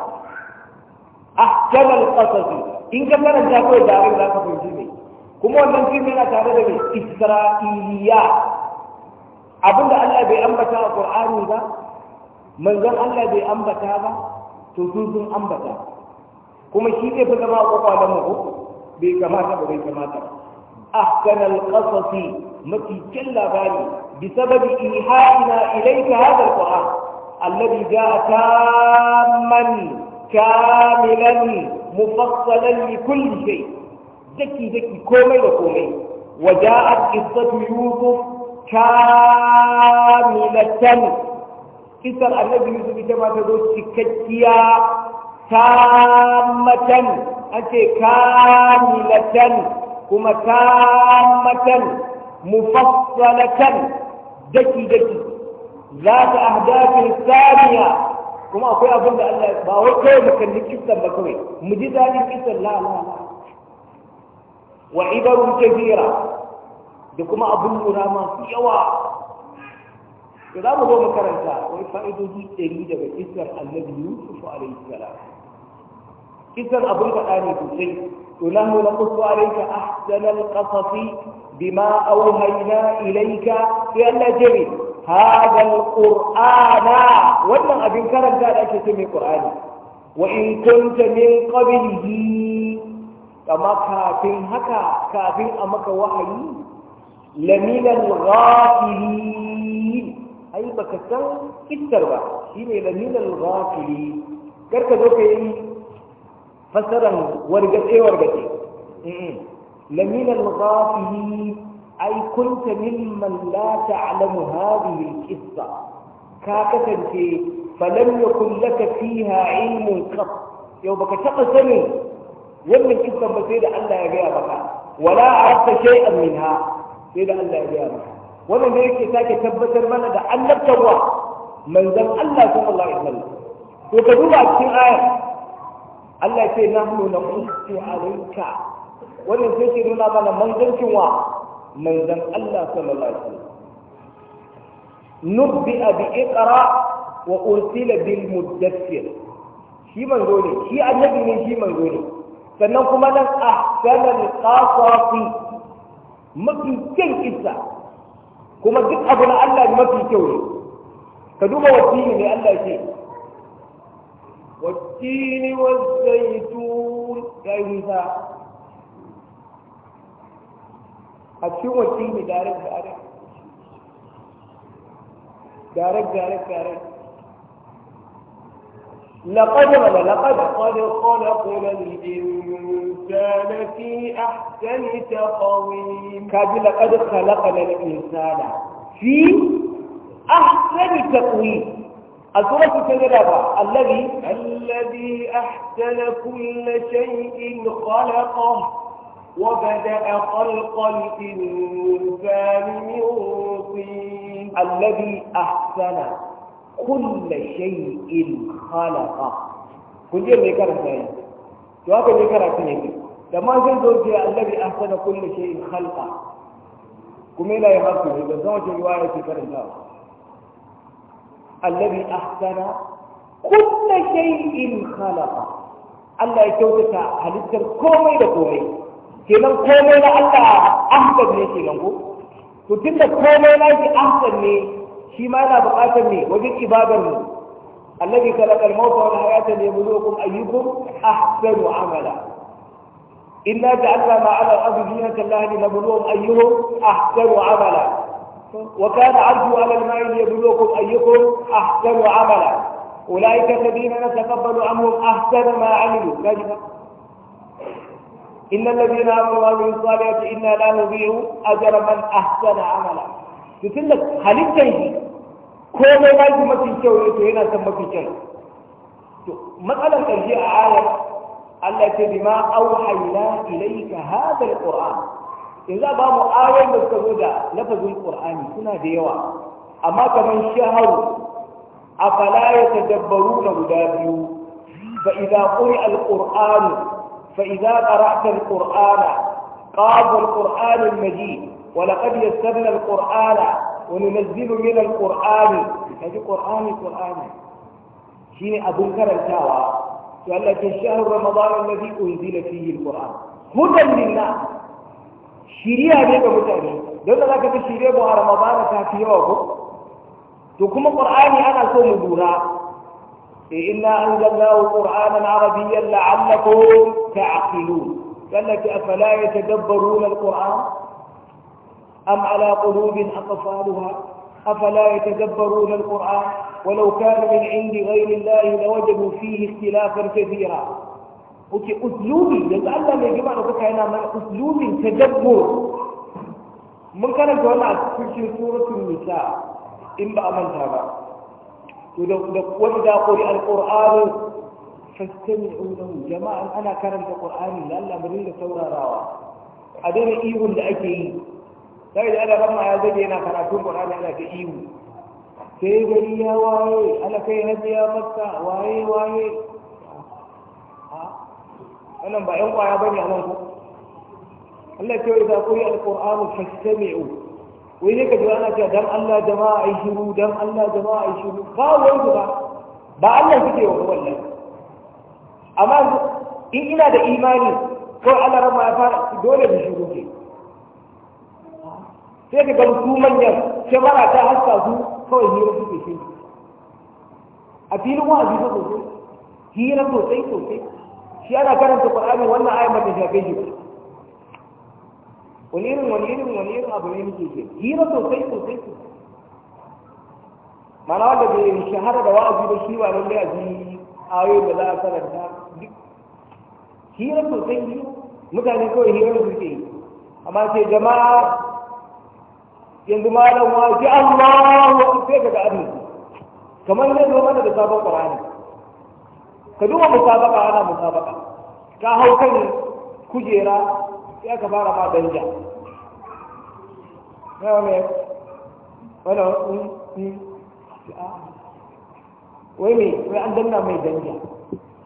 ahkamal qasasi in ka ta kawai da abin za ka fahimci ne kuma wannan fim yana tare da mai isra'iliya abinda Allah bai ambata a Qur'ani ba manzon Allah bai ambata ba to su sun ambata kuma shi zai fi zama a kwakwalen mu bai kamata ba bai kamata ba ahkana alqasasi mafi kyan labari bi sababi iha'ina ilayka hadha alquran alladhi ja'a tamman كاملا مفصلا لكل شيء ذكي ذكي كومي وكومي وجاءت قصة يوسف كاملة قصة النبي يوسف كما تقول تكتيا تامة أنت كاملة كما تامة مفصلة ذكي ذكي ذات أهداف ثانية kuma akwai abin da Allah ba wai kawai mu kalli kisan ba kawai mu ji dadin kisan la la wa ibarun kabira da kuma abin lura masu yawa da za mu zo mu karanta wai fa'idoji ɗari daga kisar annabi yusuf alaihi salam إذن أبنك آلي تسي إله نقص عليك أحسن القصص بما أوهينا إليك لأن جري هذا القرآن وإن أبن كرم قال أنك سمي القرآن وإن كنت من قبله كما كافن هكا كافن أمك وحي لمن الغافلين أي بكثر كثر بقى لمن الغافلين كيف تدوك فسره ورقتي ورقتي إيه. لمن الغافل اي كنت ممن لا تعلم هذه القصه كاكتا فلم يكن لك فيها علم قط يو بك تقسمي ومن قصه بسيطه الا يا ولا عرفت شيئا منها سيدة الا يا بك ولا ليك ساكي تبتر من ادعى انك توا الا سوى الله عز وجل وتدوب في الايه Allah ya ce nahnu naqussu alayka wannan sai ke nuna mana manzancin wa manzan Allah sallallahu alaihi wasallam nubbi'a bi iqra wa ursila bil mudaththir shi manzo ne shi annabi ne shi manzo ne sannan kuma nan ahsanal qasasi mafi kyan kissa kuma duk abu na Allah mafi kyau ne ka duba wasiyyi ne Allah ya ce والتين والزيتون كيف أشو والتين دارك دارك دارك دارك دارك لقد لقد قد خلقنا الإنسان في أحسن تقويم كاد لقد خلقنا الإنسان في أحسن تقويم السورة السجدة الذي الذي أحسن كل شيء خلقه وبدأ خلق الإنسان من طين الذي أحسن كل شيء خلقه كل يوم يكرر ذلك جواب يكرر ثاني لما زوجي الذي أحسن كل شيء خلقه كم لا يحصل إذا زوجي رواية كرر ذلك allazi ahsana kullu shay'in khalaqa Allah ya kyautata halittar komai da komai kenan komai na Allah ahsan ne kenan ko to tunda komai na shi ahsan shi ma yana buƙatar ne wajen ibadar mu allazi khalaqa al-mauta wal hayata liyabluwakum ayyukum ahsanu amala إنا جعلنا ما على الأرض زينة الله لنبلوهم أيهم أحسن عملا وكان عرجوا على الماء ليبلوكم أيكم أحسن عملا أولئك الذين نتقبل عنهم أحسن ما عملوا نجد. إن الذين آمنوا وعملوا الصالحات إنا لا نضيع أجر من أحسن عملا يقول لك هل أنت كل ما يجب أن تشتري هنا ثم تشتري مثلا تجي عالم التي بما أوحينا إليك هذا القرآن yanzu a bamu ayoyin da suka zo da lafazin qur'ani suna da yawa amma kamar shaharu afala yatadabbaruna guda biyu fa idza quri'a al-qur'an fa idza qara'ta al-qur'ana qad al-qur'an al-majid wa laqad yassarna al-qur'ana wa nunazzilu min al-qur'ani kaji qur'ani qur'ani shine abun karantawa to Allah ke shahru ramadan alladhi unzila fihi al-qur'an hudan lin-nas shiriya ne ga mutane don da za ka fi shirya ba a ramadana ta fi yawa ko to kuma ƙur'ani ana so mu lura إنا أنزلناه قرآنا عربيا لعلكم تعقلون قال لك أفلا يتدبرون القرآن أم على قلوب أقفالها أفلا يتدبرون القرآن ولو كان من عند غير الله لوجدوا فيه اختلافا كثيرا oke uslubi yanzu Allah mai gima da kuka yana mana uslubin ta dabbo mun karanta wannan a cikin suratul nisa in ba a manta ba to da wani da quri alqur'anu fastami'u lahu jama'an ana karanta qur'ani da Allah mu da saurarawa a daina ihun da ake yi sai da Allah ma ya zage yana karatun qur'ani ana ta ihu sai gari ya waye ana kai hajiya makka waye waye wannan ba yan kwaya a nan ko Allah ya ce da kuri alqur'anu fastami'u wai ne ka ji ana cewa dan Allah jama'a ai shiru dan Allah jama'a ai shiru ba wani ba ba Allah suke wa wallahi amma in ina da imani ko Allah rabba ya fara dole da shiru ke sai ka ga su manyan shawara ta haska su kawai hira suke shi a filin wa'azi ta sosai hira sosai sosai shi ana karanta ƙwararri wannan ayar ba ta shafe shi wani irin wani irin wani irin abu ne muke ke hira sosai sosai su mana wanda bai shahara da wa'azi ba shi ba lalle a ji ayo da za a karanta duk hira sosai ne mutane kawai hira da suke yi amma ke jama'a yanzu malam wa ji Allahu sai kaga abin kamar yanzu zo da sabon ƙwararri ka duba musabaka ana musabaka ka hau kan kujera sai aka fara ma danja wai mai wai an danna mai danja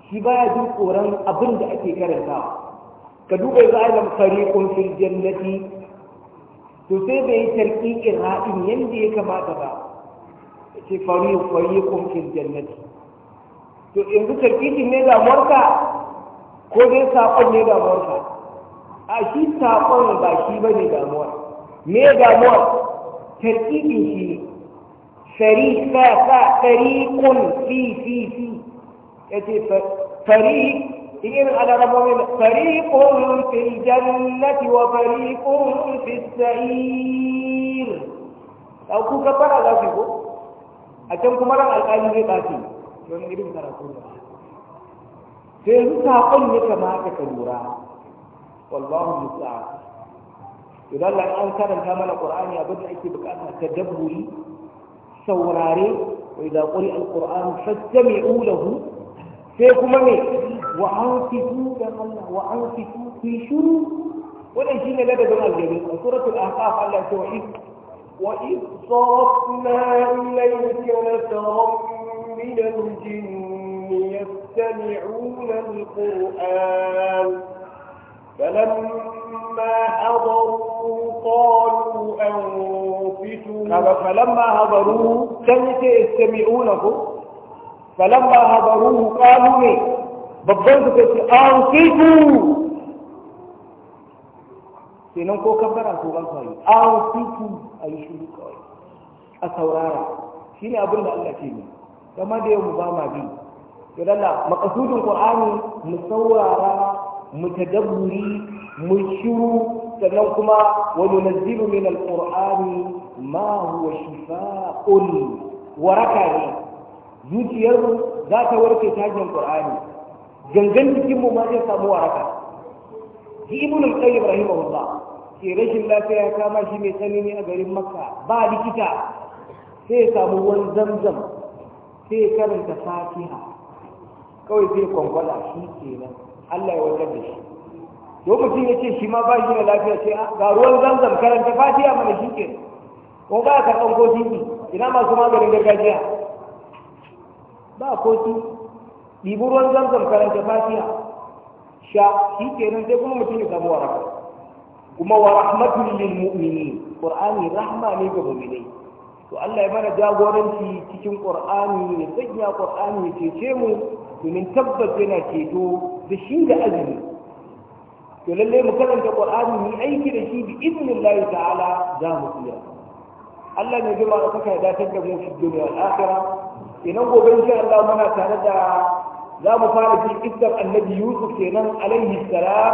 shi baya jin tsoron abin da ake karantawa ka duba za a yi kun fil jannati to sai bai yi tarqiqin haɗin yanda ya kamata ba ce kun fil jannati to yanzu tarkitin ne damuwarka ko dai saƙon ne damuwarka a shi saƙon ba shi ba ne damuwar me damuwar tarkitin shi ne fari sa sari kun fi fi fi ya ce fari irin alarabomin kun fi jannati wa kun fi sa'ir ɗauku fara za su ko a can kuma ran alƙali zai ɓaci akwai magirin karatu da sai yanzu saƙon ne kama haka ka lura wallahu musa idan la an karanta mana qur'ani abin da ake bukata ta dabburi saurare wa idza quri alquran fastami'u lahu sai kuma me wa anfitu dan Allah wa anfitu fi shuru wannan shine ladabin aljabi a suratul ahqaf Allah ya ce wa id wa id sarafna ilayka nasaran من الجن يستمعون القرآن فلما حضروا قالوا أنفتوا فلما حضروا كانت يستمعونه فلما حضروا قالوا لي بضلت كانت أنفتوا sinan ko kabbara ko ban sai a wasu ku a yi shiru kawai a kamar da yau mu ba ma bi to dalla maqasudul qur'ani mu saurara mu tadabburi mu shiru sannan kuma wa nunzilu min alqur'ani ma huwa shifaa'un waraka ne zuciyar mu za ta warke tajin qur'ani gangan cikin mu ma zai samu waraka ji ibnu al-qayyim rahimahullah ke rashin lafiya ya kama shi mai tsanani a garin makka ba likita sai ya samu ruwan zamzam sai karanta fatiha kawai zai kwangwala shi nan Allah ya wajen da shi lokacin ya ce shi ma ba shi da lafiya sai ah, ga ruwan zanzan karanta fatiha mana shi ke ko ba ka ko kotiki ina masu maganin gargajiya ba koti ɗibi ruwan zanzan karanta fatiha sha shi nan sai kuma mutum ya samu waraka kuma wa rahmatul lil mu'minin qur'ani rahma ne ga mu'minai to Allah ya mana jagoranci cikin Qur'ani ya sanya Qur'ani ya cece mu domin tabbas yana ceto da shi da azumi to lalle mu karanta Qur'ani mu aiki da shi bi idnillahi ta'ala za mu tsira Allah ne gima da kuka datar da mu fi duniya al idan gobe insha Allah muna tare da za mu fara jin iskar annabi Yusuf kenan alaihi salam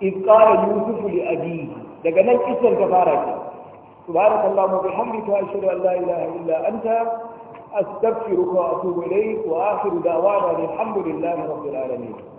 iz qala Yusuf li abi daga nan iskar ta fara kenan سبحانك اللهم وبحمدك أشهد أن لا إله إلا أنت أستغفرك وأتوب إليك وآخر دعوانا الحمد لله رب العالمين